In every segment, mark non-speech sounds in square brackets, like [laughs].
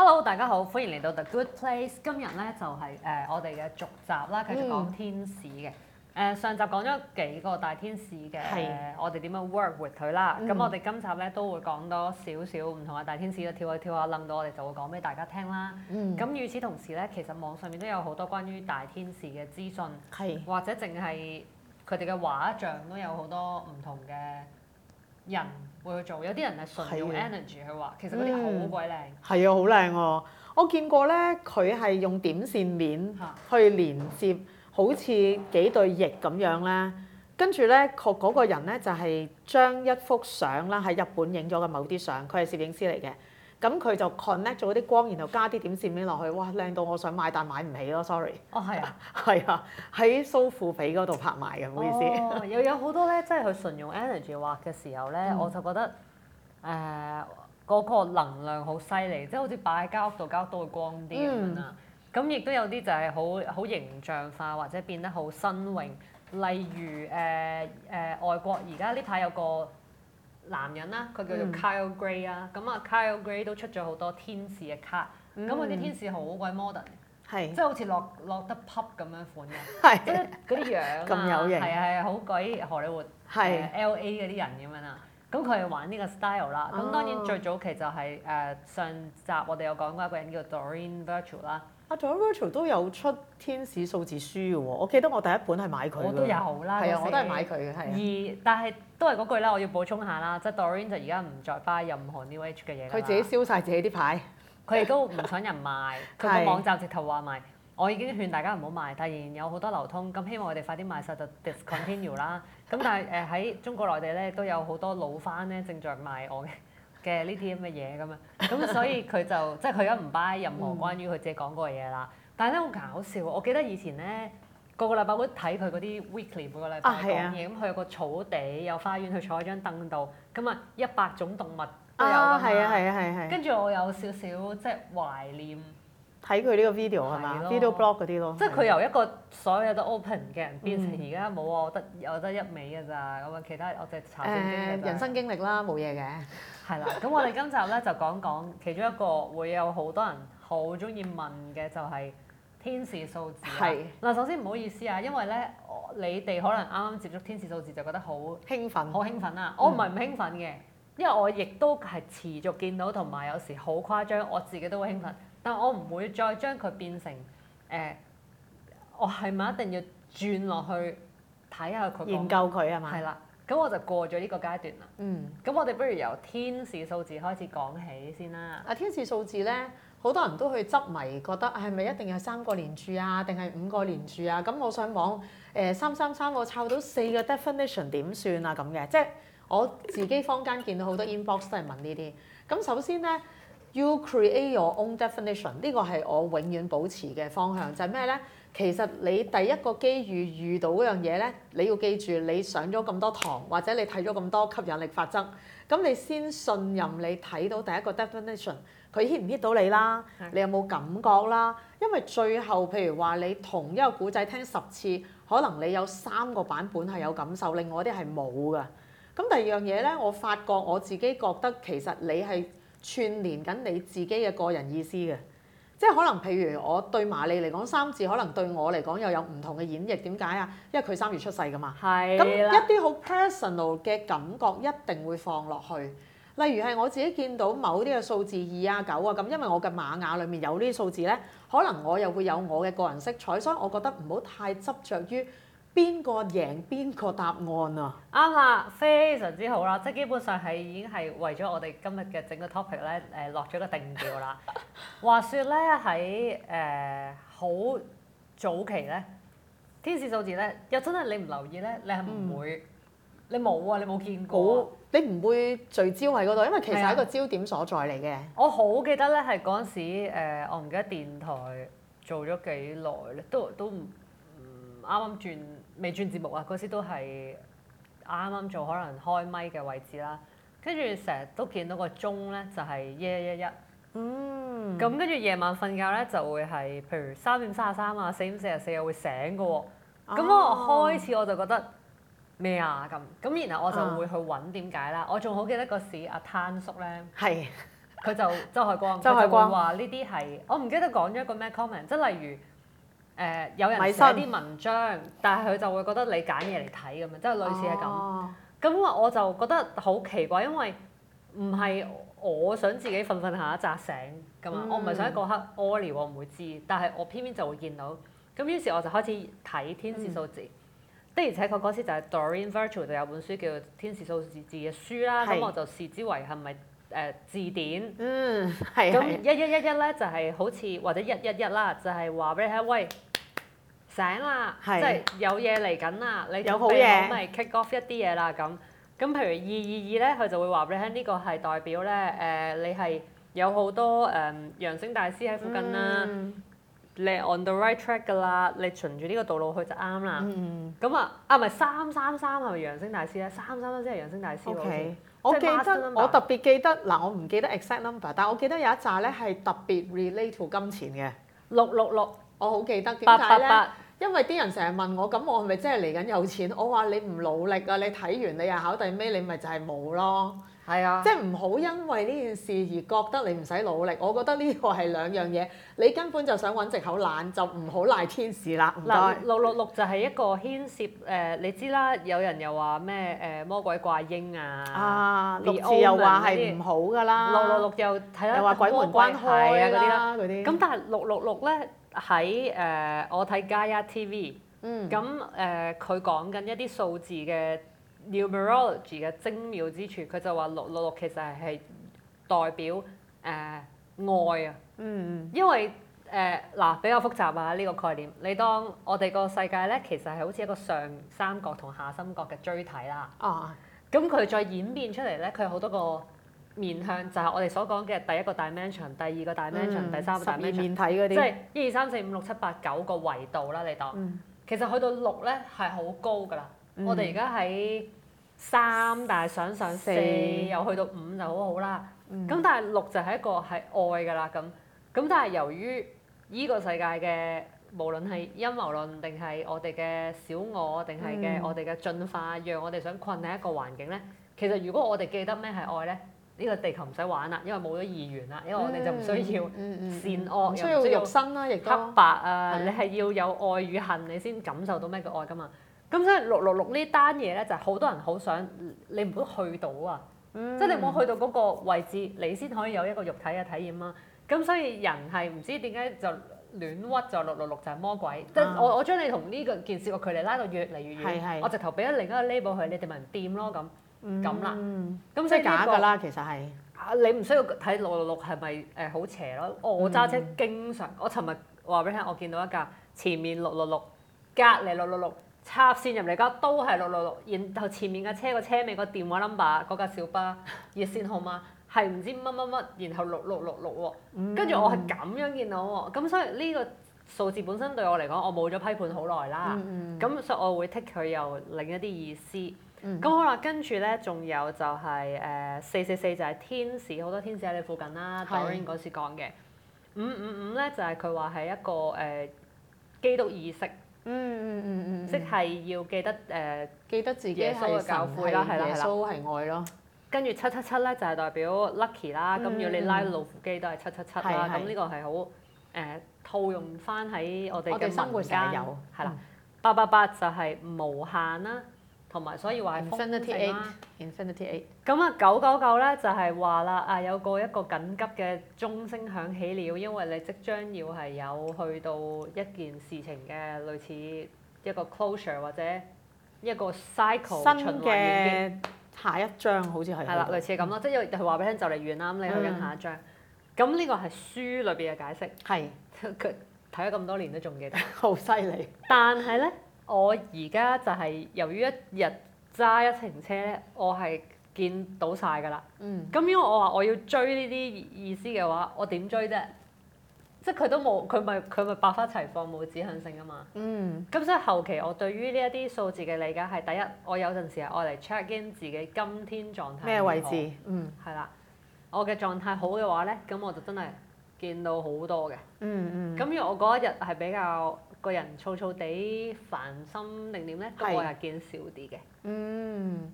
Hello，大家好，歡迎嚟到 The Good Place。今日咧就係、是、誒、呃、我哋嘅續集啦，繼續講天使嘅。誒、呃、上集講咗幾個大天使嘅是、呃，我哋點樣 work with 佢啦。咁、嗯、我哋今集咧都會講多少少唔同嘅大天使嘅跳下跳下諗到，我哋就會講俾大家聽啦。咁與、嗯、此同時咧，其實網上面都有好多關於大天使嘅資訊，是或者淨係佢哋嘅畫像都有好多唔同嘅。人會去做，有啲人係純用 energy 去畫嘅，佢話其實嗰啲好鬼靚。係啊，好靚喎！我見過咧，佢係用點線面去連接，好似幾對翼咁樣咧，跟住咧確嗰個人咧就係將一幅相啦喺日本影咗嘅某啲相，佢係攝影師嚟嘅。咁佢就 connect 咗啲光，然後加啲點線面落去，哇靚到我想買，但係買唔起咯，sorry。哦，係啊，係啊，喺蘇富比嗰度拍賣嘅，唔好意思、哦。又有好多咧，即係佢純用 energy 畫嘅時候咧，嗯、我就覺得誒嗰、呃那個能量好犀利，即係好似擺喺間屋度，間屋都會光啲咁、嗯、樣啦。咁亦都有啲就係好好形象化，或者變得好新穎。例如誒誒、呃呃，外國而家呢排有個，男人啦，佢叫做 Kyle Gray、嗯、啊，咁啊 Kyle Gray 都出咗好多天使嘅卡，咁佢啲天使是好鬼 modern，即係好似落落得 pop 咁是樣款嘅，嗰啲嗰啲樣啊，係啊，好鬼荷里活是、uh,，LA 嗰啲人咁樣啦，咁佢係玩呢個 style 啦，咁、哦、當然最早期就係、是、誒、呃、上集我哋有講過一個人叫 Doreen Virtue 啦。阿在 Virtue 都有出天使數字書嘅喎，我記得我第一本係買佢。我都有啦，有我都係買佢嘅，係。二，但係都係嗰句啦，我要補充下啦，即係 Doreen 而家唔再 buy 任何 New Age 嘅嘢。佢自己燒晒自己啲牌。佢亦都唔想人賣，佢個網站直頭話賣， [laughs] 是的 我已經勸大家唔好賣，突然有好多流通，咁希望我哋快啲賣晒就 discontinue 啦。咁 [laughs] 但係誒喺中國內地咧都有好多老翻咧正在賣我嘅，嘅呢啲咁嘅嘢咁樣，咁所以佢就 [laughs] 即係佢而家唔擺任何關於佢自己講過嘅嘢啦。嗯、但係咧好搞笑，我記得以前咧個個禮拜我都睇佢嗰啲 weekly 每個禮拜講嘢，咁佢、啊、有個草地有花園，佢坐喺張凳度，咁啊一百種動物都有㗎嘛。係啊係啊係係。跟住我有少少即係懷念。睇佢呢個 video 係嘛？video blog 啲咯，即係佢由一個所有都 open 嘅人變成而家冇我得有得一尾㗎咋咁啊！其他我就查、呃、吧人生經歷啦，冇嘢嘅係啦。咁我哋今集咧就講講其中一個會有好多人好中意問嘅就係、是、天使數字。係嗱是，首先唔好意思啊，因為咧你哋可能啱啱接觸天使數字就覺得好興奮，好興奮啊！嗯、我唔係唔興奮嘅，因為我亦都係持續見到同埋有時好誇張，我自己都會興奮。我唔會再將佢變成誒、呃，我係咪一定要轉落去睇下佢研究佢係嘛？係啦，咁我就過咗呢個階段啦。嗯，咁我哋不如由天使數字開始講起先啦。啊，天使數字咧，好多人都去執迷，覺得係咪一定係三個連住啊，定係五個連住啊？咁我上網誒、呃、三三三我抄到四個 definition 點算啊？咁嘅，即係、就是、我自己坊間見到好多 inbox 都係問呢啲。咁首先咧。You create your own definition，呢個係我永遠保持嘅方向，就係咩呢？其實你第一個機遇遇到嗰樣嘢呢，你要記住，你上咗咁多堂，或者你睇咗咁多吸引力法則，咁你先信任你睇到第一個 definition，佢 hit 唔 hit 到你啦？你有冇感覺啦？因為最後譬如話你同一個古仔聽十次，可能你有三個版本係有感受，另外啲係冇噶。咁第二樣嘢呢，我發覺我自己覺得其實你係，串連緊你自己嘅個人意思嘅，即係可能譬如我對馬利嚟講三字，可能對我嚟講又有唔同嘅演繹，點解啊？因為佢三月出世㗎嘛，咁的一啲好 personal 嘅感覺一定會放落去。例如係我自己見到某啲嘅數字二啊九啊，咁因為我嘅馬雅裡面有呢啲數字咧，可能我又會有我嘅個人色彩，所以我覺得唔好太執着於。邊個贏邊個答案啊？啱啊，非常之好啦，即係基本上係已經係為咗我哋今日嘅整個 topic 咧，誒落咗個定調啦。話說咧，喺誒好早期咧，天使數字咧，又真係你唔留意咧，你係唔會，你冇啊，你冇見過，你唔會聚焦喺嗰度，因為其實係一個焦點所在嚟嘅。我好記得咧，係嗰陣時誒，我唔記得電台做咗幾耐咧，都都唔。啱啱轉未轉節目啊？嗰時都係啱啱做，可能開咪嘅位置啦。跟住成日都見到個鐘咧，就係一一一一。嗯。咁跟住夜晚瞓覺咧，就會係譬如三點三十三啊，四點四十四又會醒嘅。咁我開始我就覺得咩啊咁咁，然後我就會去揾點解啦。我仲好記得嗰時阿湯叔咧，係佢是就 [laughs] 周海光，周海光話呢啲係我唔記得講咗一個咩 comment，即係例如。誒、呃、有人睇寫啲文章，但係佢就會覺得你揀嘢嚟睇咁樣，即係類似係咁。咁我就覺得好奇怪，因為唔係我想自己瞓瞓下醒，嗯、一扎醒㗎嘛。我唔係想嗰刻屙尿，我唔會知。但係我偏偏就會見到。咁於是我就開始睇天使數字的，嗯、而且確嗰時就係 Doreen Virtue 就有本書叫《天使數字字嘅書》啦是。咁我就視之為係咪誒字典？嗯，係。咁一一一一咧就係好似或者一一一啦，就係話俾你聽，喂！醒啦，即係有嘢嚟緊啦，你準備好咪 kick off 一啲嘢啦咁。咁譬如二二二咧，佢就會話俾你聽，呢個係代表咧，誒你係有好多誒揚升大師喺附近啦，你 on the right track 㗎啦，你循住呢個道路去就啱啦。嗯嗯嗯。咁啊，啊唔係三三三係咪揚升大師咧？三三三先係揚升大師。O K，我記得我特別記得嗱，我唔記得 exact number，但係我記得有一紮咧係特別 related to 金錢嘅六六六，我好記得八八八，點解咧？因為啲人成日問我，咁我係咪真係嚟緊有錢？我話你唔努力啊！你睇完你又考第咩？你咪就係冇咯。係是啊，即係唔好因為呢件事而覺得你唔使努力。我覺得呢個係兩樣嘢，你根本就想揾藉口懶，就唔好賴天使啦。嗱，六六六就係一個牽涉誒、呃，你知啦，有人又話咩誒魔鬼怪嬰啊，啊，六字又話係唔好噶啦、啊，六六又、啊、六又睇下、啊、鬼門關，關開啊嗰啲，咁些但係六六六咧。喺誒、呃，我睇加、嗯呃、一 TV，咁誒佢講緊一啲數字嘅 numerology 嘅精妙之處，佢就話六六六其實係代表誒、呃、愛啊，嗯、因為誒嗱、呃、比較複雜啊呢、這個概念。你當我哋個世界咧，其實係好似一個上三角同下三角嘅錐體啦，咁佢、嗯、再演變出嚟咧，佢好多概面向就係我哋所講嘅第一個 dimension，第二個 dimension、嗯、第三個 dimension 嗰啲，即係一二三四五六七八九個維度啦。你當、嗯、其實去到六咧係好高㗎啦。嗯、我哋而家喺三，但係想上四又去到五就好好啦。咁、嗯、但係六就係一個係愛㗎啦。咁咁但係由於呢個世界嘅無論係陰謀論定係我哋嘅小我定係嘅我哋嘅進化，讓我哋想困喺一個環境咧。嗯、其實如果我哋記得咩係愛咧？呢個地球唔使玩啦，因為冇咗二元啦，因為我哋就唔需要善惡，又、嗯嗯嗯嗯嗯、唔需要肉身啦，亦都黑白啊！是的 你係要有愛與恨，你先感受到咩叫愛噶嘛？咁、嗯嗯、所以六六六呢單嘢咧，就係好多人好想，你唔好去到啊！即係、嗯、你冇去到嗰個位置，你先可以有一個肉體嘅體驗啦、啊。咁所以人係唔知點解就亂屈就六六六就係魔鬼。即、啊、我我將你同呢個件事個距離拉到越嚟越遠，的我直頭俾咗另一個 label 去，你哋咪唔掂咯咁。咁啦，咁所以呢、呢個啦，其實係你唔需要睇六六六係咪誒好邪咯？嗯、我揸車經常，我尋日話俾你聽，我見到一架前面六六六，隔離六六六，插線入嚟家都係六六六，然後前面架車個車尾個電話 number 嗰架小巴熱線號碼係唔知乜乜乜，然後六六六六喎，跟住我係咁樣見到喎，咁所以呢個數字本身對我嚟講，我冇咗批判好耐啦，咁、嗯嗯、所以我會 take 佢又另一啲意思。咁好啦，跟住咧，仲有就係誒四四四就係天使，好多天使喺你附近啦。d a r r 嗰時講嘅五五五咧，就係佢話係一個誒基督意識，嗯嗯嗯嗯，即係要記得誒，記得自己係神係耶穌係愛咯。跟住七七七咧就係代表 lucky 啦，咁要你拉老虎機都係七七七啦。咁呢個係好誒套用翻喺我哋嘅生活間，係啦。八八八就係無限啦。同埋所以話 Infinity Eight，Infinity Eight。咁哪啊九九九咧就係話啦，啊有個一個緊急嘅鐘聲響起了，因為你即將要係有去到一件事情嘅類似一個 closure 或者一個 cycle 循環嘅下一章，了好似係係啦，類似咁咯，即係又話俾你聽就嚟完啦，咁你去緊下一章。咁呢、嗯、個係書裏邊嘅解釋。係是，睇咗咁多年都仲記得，好犀利。但係咧。我而家就係由於一日揸一程車，我係見到晒㗎啦。咁、嗯、因為我話我要追呢啲意思嘅話，我點追啫？即係佢都冇，佢咪佢咪百花齊放，冇指向性㗎嘛。咁所以後期我對於呢一啲數字嘅理解係，第一我有陣時係愛嚟 check in 自己今天狀態咩位置。嗯，係啦，我嘅狀態好嘅話咧，咁我就真係。見到好多嘅，嗯嗯，咁因為我嗰一日係比較個人躁躁地、煩心定點咧，都係見少啲嘅。嗯，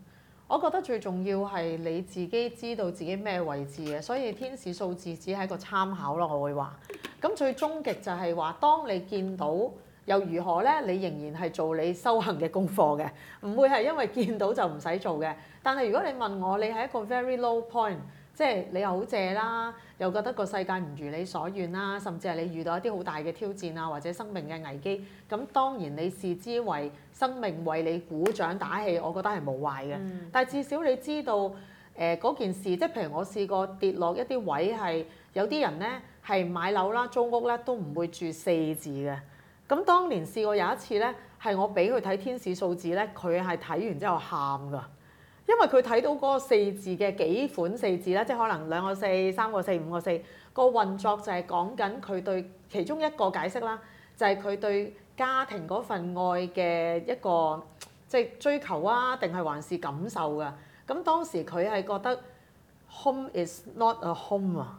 我覺得最重要係你自己知道自己咩位置嘅，所以天使數字只係一個參考咯。我會話，咁最終極就係話，當你見到又如何咧？你仍然係做你修行嘅功課嘅，唔會係因為見到就唔使做嘅。但係如果你問我，你係一個 very low point。即係你又好借啦，又覺得個世界唔如你所願啦，甚至係你遇到一啲好大嘅挑戰啊，或者生命嘅危機，咁當然你視之為生命為你鼓掌打氣，我覺得係冇壞嘅。嗯、但係至少你知道，嗰、呃、件事，即係譬如我試過跌落一啲位係有啲人呢係買樓啦、租屋咧都唔會住四字嘅。咁當年試過有一次呢，係我俾佢睇天使數字呢，佢係睇完之後喊㗎。因為佢睇到嗰個四字嘅幾款四字咧，即係可能兩個四、三個四、五個四個運作，就係講緊佢對其中一個解釋啦，就係佢對家庭嗰份愛嘅一個即係追求啊，定係還是感受㗎。咁當時佢係覺得 Home is not a home 啊，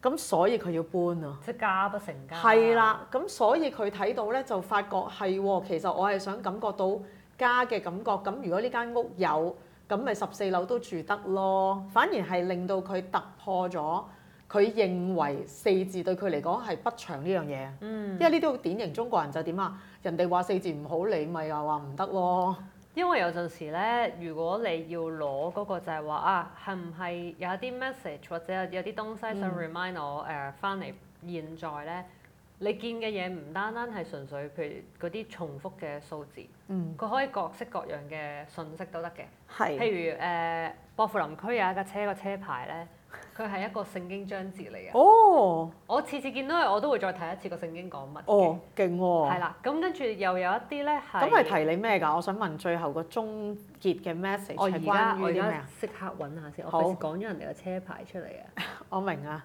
咁所以佢要搬啊，即係家都成家係啦。咁所以佢睇到咧就發覺係喎，其實我係想感覺到家嘅感覺。咁如果呢間屋有咁咪十四樓都住得咯，反而係令到佢突破咗，佢認為四字對佢嚟講係不祥呢樣嘢。嗯，因為呢啲典型中國人就點啊，人哋話四字唔好，你咪又話唔得咯。因為有陣時咧，如果你要攞嗰、那個就係、是、話啊，係唔係有啲 message 或者有啲東西想 remind 我誒翻嚟現在咧？你見嘅嘢唔單單係純粹，譬如嗰啲重複嘅數字，佢、嗯、可以各式各樣嘅信息都得嘅。係是。譬如誒，薄、呃、扶林區有一架車個車牌咧，佢係一個聖經章節嚟嘅。哦。我次次見到佢，我都會再睇一次個聖經講乜？哦，勁喎、啊。係啦，咁跟住又有一啲咧係。咁係提你咩㗎？我想問最後個終結嘅 message 係關於啲咩啊？我而家我而家即刻揾下先，好我講咗人哋個車牌出嚟啊！ [laughs] 我明啊。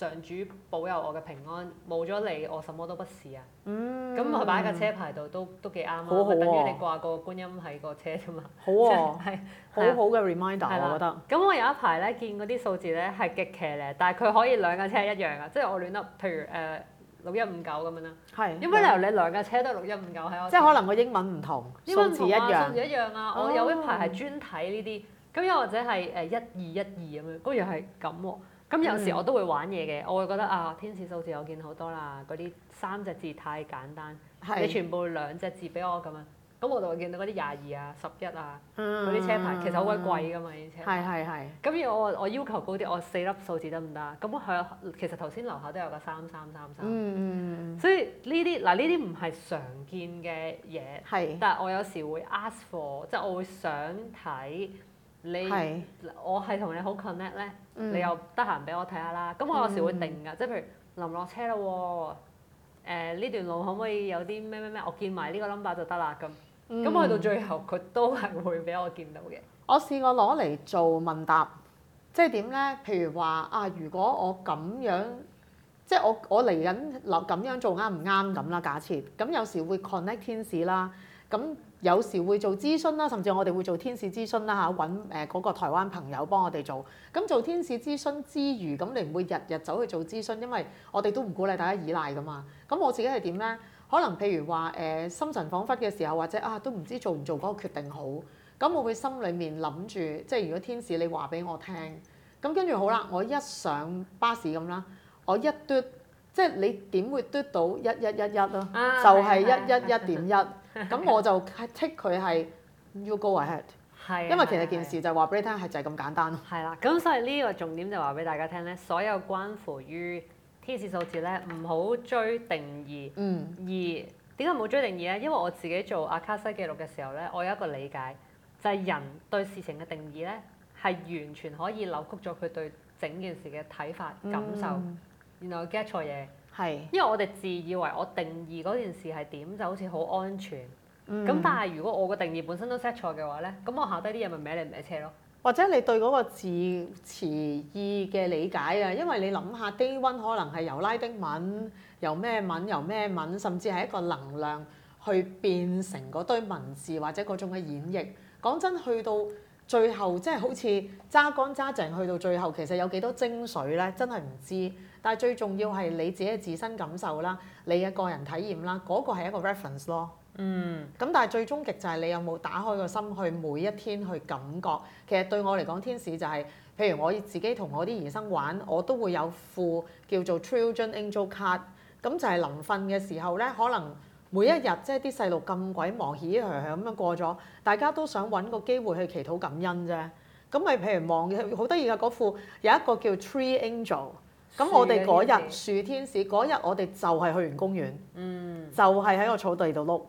上主保佑我嘅平安，冇咗你我什麼都不是啊！咁佢擺架車牌度都都幾啱啊！咪等於你掛個觀音喺個車啫嘛。好啊，係好好嘅 reminder 我覺得。咁我有一排咧見嗰啲數字咧係極騎呢，但係佢可以兩架車一樣啊！即係我亂噏，譬如誒六一五九咁樣啦。係。有乜理由你兩架車都係六一五九係？即係可能個英文唔同，數字一樣。數字一樣啊！我有一排係專睇呢啲，咁又或者係誒一二一二咁樣，嗰又係咁喎。咁、嗯、有時我都會玩嘢嘅，我會覺得啊，天使數字我見好多啦，嗰啲三隻字太簡單，是你全部兩隻字俾我咁樣，咁我就會見到嗰啲廿二啊、十一啊，嗰啲車牌其實好鬼貴噶嘛呢啲、嗯、車牌，係係係。咁然後我我要求高啲，我四粒數字得唔得？咁佢其實頭先樓下都有個三三三三。所以呢啲嗱呢啲唔係常見嘅嘢，係是，但我有時會 ask for，即係我會想睇。你我係同你好 connect 咧，你又得閒俾我睇下啦。咁我有時會定噶，即係譬如臨落車咯喎，呃呢段路可唔可以有啲咩咩咩？我見埋呢個 number 就得啦咁。咁去、嗯、到最後，佢都係會俾我見到嘅。我試過攞嚟做問答，即係點咧？譬如話啊，如果我咁樣，即係我我嚟緊落咁樣做啱唔啱咁啦？假設咁有時會 connect 天使啦，咁。有時會做諮詢啦，甚至我哋會做天使諮詢啦嚇，揾誒嗰個台灣朋友幫我哋做。咁、嗯、做天使諮詢之餘，咁你唔會日日走去做諮詢，因為我哋都唔鼓勵大家依賴噶嘛。咁我自己係點咧？可能譬如話誒、呃，心神恍惚嘅時候，或者啊都唔知做唔做嗰個決定好。咁我會心裏面諗住，即係如果天使你話俾我聽，咁跟住好啦，我一上巴士咁啦，我一嘟，即係你點會嘟到一一一一咯、啊？啊、就係一一一點一。咁 [laughs] 我就 take 佢係 you go ahead，< 是的 S 2> 因為其實件事就話俾你聽係就係咁簡單咯。係啦，咁所以呢個重點就話俾大家聽咧，所有關乎於天使數字咧，唔好追定義。嗯。而點解唔好追定義咧？因為我自己做阿卡西記錄嘅時候咧，我有一個理解，就係、是、人對事情嘅定義咧，係完全可以扭曲咗佢對整件事嘅睇法感受，然後 get 錯嘢。係，因為我哋自以為我定義嗰件事係點，就好似好安全。咁、嗯、但係如果我個定義本身都 set 錯嘅話呢，咁我考低啲嘢咪歪嚟歪車咯？或者你對嗰個字詞意嘅理解啊，因為你諗下，低温可能係由拉丁文、由咩文、由咩文，甚至係一個能量去變成嗰堆文字或者嗰種嘅演繹。講真，去到。最後即係好似揸乾揸淨去到最後，其實有幾多精髓呢？真係唔知。但係最重要係你自己嘅自身感受啦，你嘅個人體驗啦，嗰個係一個 reference 咯。嗯。咁但係最終極就係你有冇打開個心去每一天去感覺。其實對我嚟講，天使就係，譬如我自己同我啲兒生玩，我都會有副叫做 Children Angel Card。咁就係臨瞓嘅時候呢，可能。每一日、嗯、即係啲細路咁鬼忙，起起咁樣過咗，大家都想搵個機會去祈禱感恩啫。咁咪、就是、譬如望嘅好得意嘅嗰副，有一個叫 Tree Angel。咁我哋嗰日，樹天使嗰日，我哋就係去完公園，嗯、就係喺個草地度碌，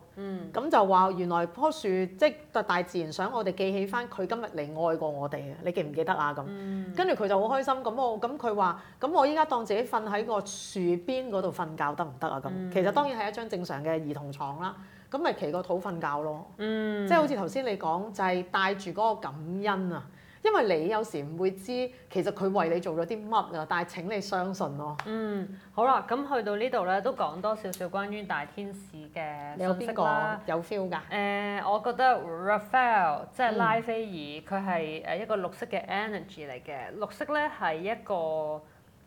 咁、嗯、就話原來樖樹即係、就是、大自然想我哋記起翻佢今日嚟愛過我哋啊！你記唔記得啊？咁、嗯，跟住佢就好開心。咁我咁佢話，咁我依家當自己瞓喺個樹邊嗰度瞓覺得唔得啊？咁、嗯、其實當然係一張正常嘅兒童床啦，咁咪騎個肚瞓覺咯，即係、嗯、好似頭先你講就係、是、帶住嗰個感恩啊！因為你有時唔會知，其實佢為你做咗啲乜啊！但係請你相信咯、哦。嗯，好啦，咁去到呢度咧，都講多少少關於大天使嘅信息啦。有邊個有 feel 㗎？誒、呃，我覺得 Raphael 即係拉斐爾，佢係誒一個綠色嘅 energy 嚟嘅。綠色咧係一個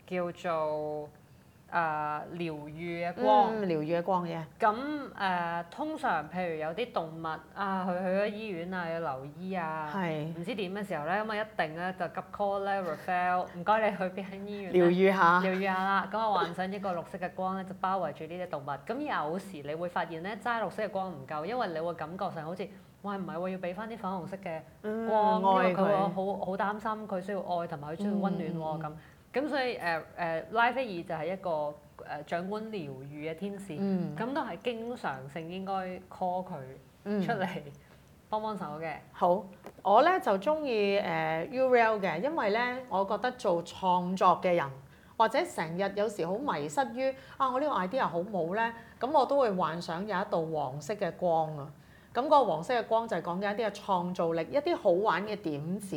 叫做，誒、呃、療愈嘅光，嗯、療愈嘅光嘅。咁、嗯、誒、啊、通常譬如有啲動物啊，佢去咗醫院啊，要留醫啊，係唔知點嘅時候咧，咁、嗯、啊一定咧就急 call 咧 Raphael 唔該你去邊間醫院？療愈下。療愈下啦，咁、嗯、啊幻想呢個綠色嘅光咧就包圍住呢啲動物。咁有時你會發現咧，齋綠色嘅光唔夠，因為你會感覺上好似，喂，唔係喎，要俾翻啲粉紅色嘅光、嗯、愛因愛佢，好好，好，好，好，好牠牠擔心佢需要愛同埋佢需要溫暖喎咁。嗯咁所以誒誒、呃呃、拉斐爾就係一個誒、呃、掌管療愈嘅天使，咁、嗯、都係經常性應該 call 佢出嚟幫幫手嘅。幫幫好，我咧就中意誒、呃、Uriel 嘅，因為咧我覺得做創作嘅人或者成日有時好迷失於啊我個呢個 idea 好冇咧，咁我都會幻想有一道黃色嘅光啊，咁個黃色嘅光就係講緊一啲嘅創造力，一啲好玩嘅點子。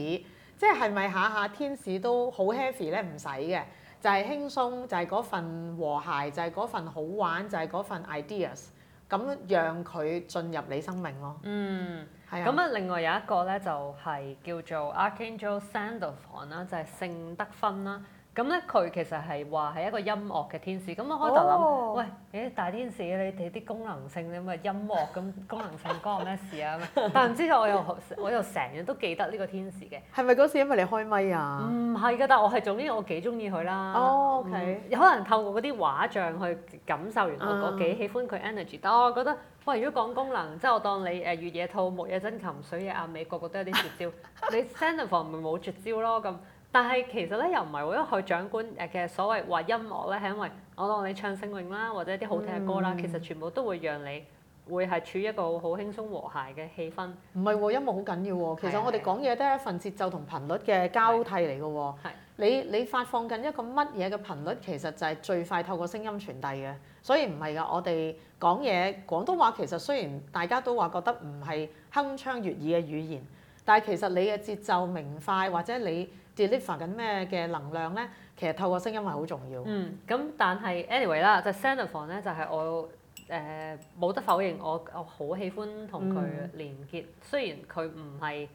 即係咪下下天使都好 heavy 咧？唔使嘅，就係輕鬆，就係嗰份和諧，就係嗰份好玩，就係嗰份 ideas，咁讓佢進入你生命咯。嗯，係啊。咁啊，另外有一個咧，就係叫做 Archangel Sandalfon 啦，就係聖德芬啦。咁咧佢其實係話係一個音樂嘅天使，咁我開頭諗，oh. 喂，誒、哎、大天使，你哋啲功能性咁啊，音樂咁功能性關我咩事啊？ [laughs] 但係唔知又我又我又成日都記得呢個天使嘅。係咪嗰次因為你開咪啊？唔係㗎，但我係總之我幾中意佢啦。哦、oh，OK、嗯。可能透過嗰啲畫像去感受完，我幾喜歡佢 energy，uh. 但我覺得，喂，如果講功能，即係我當你誒月野兔、木野真琴、水野亞美個個都有啲絕招，你 Jennifer 咪冇絕招咯咁。 [laughs] [laughs] 但係其實咧又唔係喎，因為我長官誒嘅所謂話音樂咧，係因為我當你唱聖詠啦，或者啲好聽嘅歌啦，嗯、其實全部都會讓你會係處於一個好輕鬆和諧嘅氣氛。唔係喎，音樂好緊要喎。其實我哋講嘢都係一份節奏同頻率嘅交替嚟嘅喎。係你你發放緊一個乜嘢嘅頻率，其實就係最快透過聲音傳遞嘅。所以唔係㗎，我哋講嘢廣東話其實雖然大家都話覺得唔係鏗鏘悅耳嘅語言，但係其實你嘅節奏明快或者你。是 lift 翻緊咩嘅能量咧？其實透過聲音係好重要。嗯。咁但係 anyway 啦，就 Santafe 咧，就係我誒冇得否認，我我好喜歡同佢連結。嗯、雖然佢唔係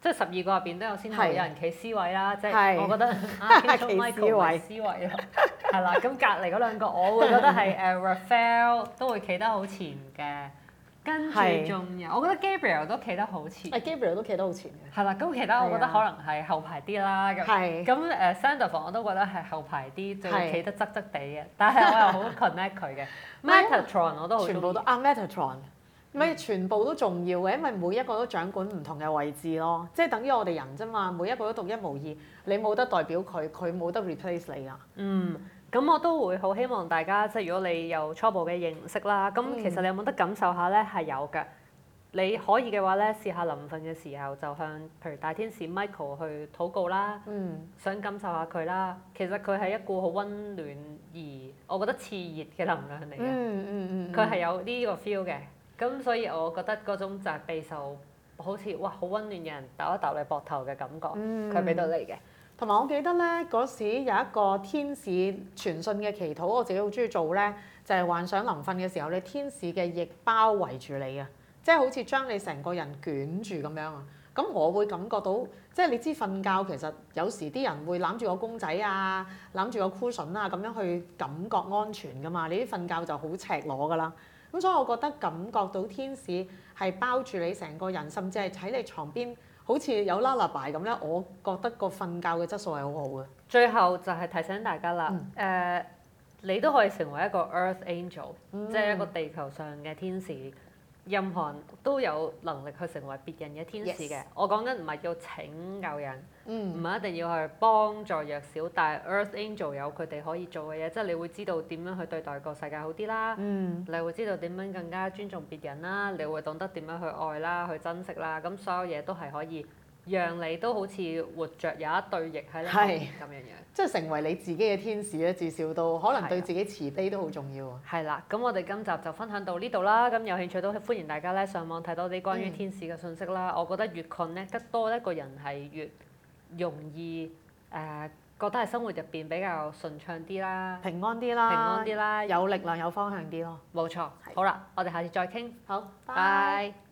即係十二個入邊都有先頭有人企 C 位啦，是即係我覺得。係企 C 位，C 位。係啦， [laughs] 咁隔離嗰兩個我會覺得係誒 Raphael 都會企得好前嘅。跟住仲有，是我覺得，得、啊、Gabriel 都企得好前的。誒，Gabriel 都企得好前嘅。係啦，咁其他我覺得可能係後排啲啦。咁咁誒，Sandalphon 我都覺得係後排啲，就企的得側側地嘅。但係我又好 connect 佢嘅。 [laughs] Metatron 我都好。全部都。啊，Metatron。咪 Met、嗯、全部都重要嘅，因為每一個都掌管唔同嘅位置咯。即、就、係、是、等於我哋人啫嘛，每一個都獨一無二。你冇得代表佢，佢冇得 replace 你啊。嗯。嗯咁我都會好希望大家即係如果你有初步嘅認識啦，咁其實你有冇得感受下咧？係有㗎。你可以嘅話咧，試下臨瞓嘅時候就向譬如大天使 Michael 去禱告啦，嗯、想感受下佢啦。其實佢係一股好溫暖而我覺得熾熱嘅能量嚟嘅。佢係、嗯嗯嗯嗯、有呢個 feel 嘅。咁所以我覺得嗰種就係被受，好似哇好溫暖嘅人搭一搭你膊頭嘅感覺，佢俾到你嘅。同埋我記得咧，嗰時有一個天使傳信嘅祈禱，我自己好中意做咧，就係、是、幻想臨瞓嘅時候，你天使嘅翼包圍住你啊，即係好似將你成個人捲住咁樣啊。咁我會感覺到，即係你知瞓覺其實有時啲人會攬住個公仔啊，攬住個箍 u 啊，咁樣去感覺安全噶嘛。你啲瞓覺就好赤裸噶啦。咁所以我覺得感覺到天使係包住你成個人，甚至係喺你床邊。好似有拉拉牌咁咧，我覺得個瞓覺嘅質素係好好嘅。最後就係提醒大家啦，誒、嗯，uh, 你都可以成為一個 Earth Angel，嗯，即係一個地球上嘅天使。任何人都有能力去成為別人嘅天使嘅。Yes. 我講緊唔係要拯救人，唔係 Mm. 一定要去幫助弱小，但係 Earth Angel 有佢哋可以做嘅嘢，即係你會知道點樣去對待個世界好啲啦。Mm. 你會知道點樣更加尊重別人啦，你會懂得點樣去愛啦，去珍惜啦。咁所有嘢都係可以。讓你都好似活著有一對翼喺度咁樣樣，即係成為你自己嘅天使咧。至少都可能對自己慈悲都好重要。係啦，咁、嗯、我哋今集就分享到呢度啦。咁有興趣都歡迎大家咧上網睇多啲關於天使嘅信息啦。嗯、我覺得越 connect 咧得多一個人係越容易誒、呃，覺得係生活入邊比較順暢啲啦，平安啲啦，平安啲啦，有力量有方向啲咯。冇錯。的好啦，我哋下次再傾。好，拜拜。拜拜。